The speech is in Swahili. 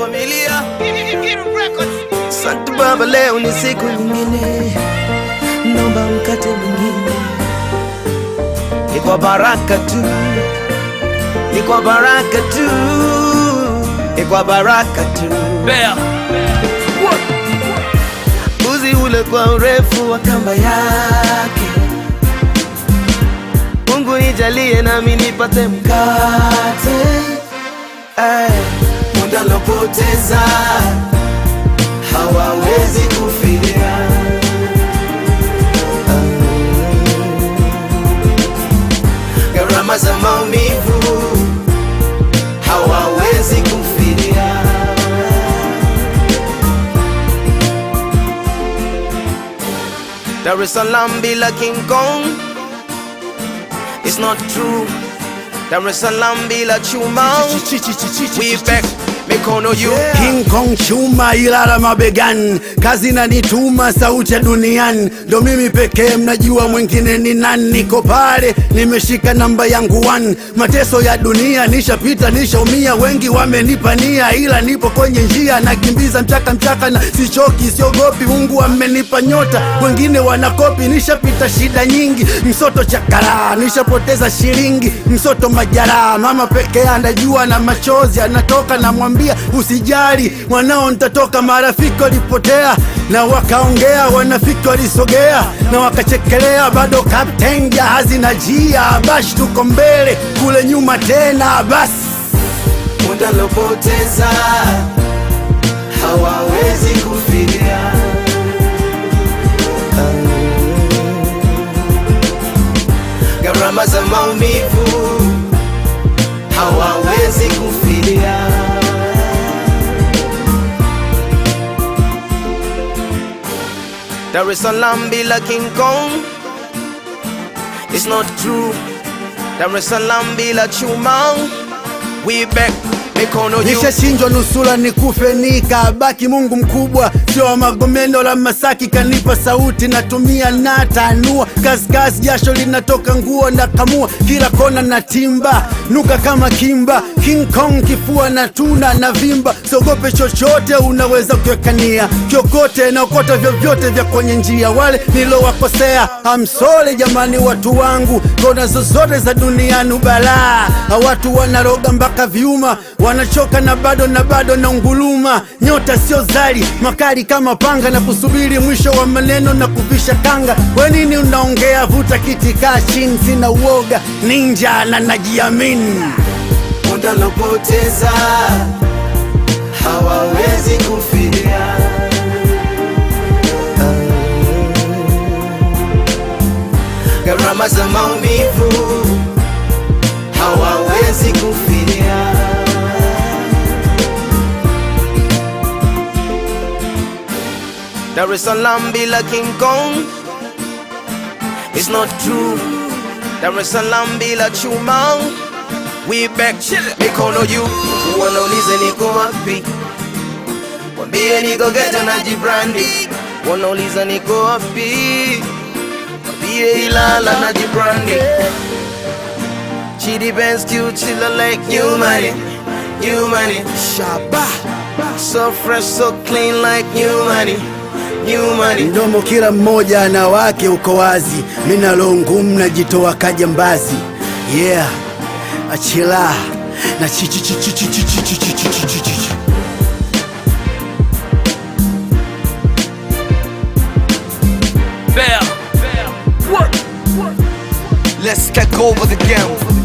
familia. Asante Baba, leo ni siku nyingine, naomba mkate mwingine. Ni kwa baraka tu, ni kwa baraka tu, ni kwa baraka tu. uzi ule kwa urefu wa kamba yake, Mungu nijalie nami nipate mkate Ay kupoteza, hawawezi kufidia. Gharama za maumivu hawawezi kufidia. Dar es Salaam bila King Kong is not true. Dar es Salaam bila chuma, we back mikono yu yeah. King Kong chuma ilala mabegani, kazi na nituma sauti ya duniani, ndo mimi pekee mnajua mwingine ni nani. Niko pale nimeshika namba yangu one, mateso ya dunia nishapita, nishaumia, wengi wamenipania, ila nipo kwenye njia, nakimbiza mchaka mchaka na sichoki, siogopi. Mungu amenipa nyota, wengine wanakopi, nishapita shida nyingi, msoto chakara, nishapoteza shilingi, msoto majaraha, mama pekee anajua na machozi anatoka, namwambia kulia, usijali mwanao, nitatoka. Marafiki walipotea na wakaongea, wanafiki walisogea na wakachekelea, bado kapteni hazina jia, bashi tuko mbele, kule nyuma tena, basi muda hawawezi kufidia. Gharama za maumivu hawawezi kufidia. There is a lamb like King Kong. It's not true. There is a lamb be like human. We back. nishashinjwa nusura nikufe nikabaki. Mungu mkubwa sio wa Magomeni la Masaki, kanipa sauti natumia natanua, kaskazi jasho linatoka nguo na kamua, kila kona na timba nuka kama kimba, King Kong kifua na tuna na vimba, sogope chochote unaweza kuwekania kiokote na okota vyovyote vya kwenye njia, wale nilowakosea amsole jamani, watu wangu kona zozote za duniani balaa, watu wanaroga mpaka viuma wa wanachoka na bado na bado na unguluma, nyota sio zali, makali kama panga, na kusubiri mwisho wa maneno na kuvisha kanga. We nini unaongea? Vuta kiti, kaa chini, sina uoga, ninja na najiamini. Muda lopoteza hawawezi kufidia gharama za maumivu hawawezi kufidia. There is a lamb be like King Kong. It's not true. There is a lamb be like Chumang. We back chillin'. you go mikono juu, wanaulize niko wapi, wambie niko geta na jibrandi. Wanauliza niko wapi, wambie Ilala na jibrandi. She depends cute, she chilla like you money, you money. Shaba, so fresh, so clean like you money. mdomo kila mmoja na wake uko wazi, na ngumu najitoa mbazi Yeah, achila na chichichichichichichichichichichichichi Let's take over the game.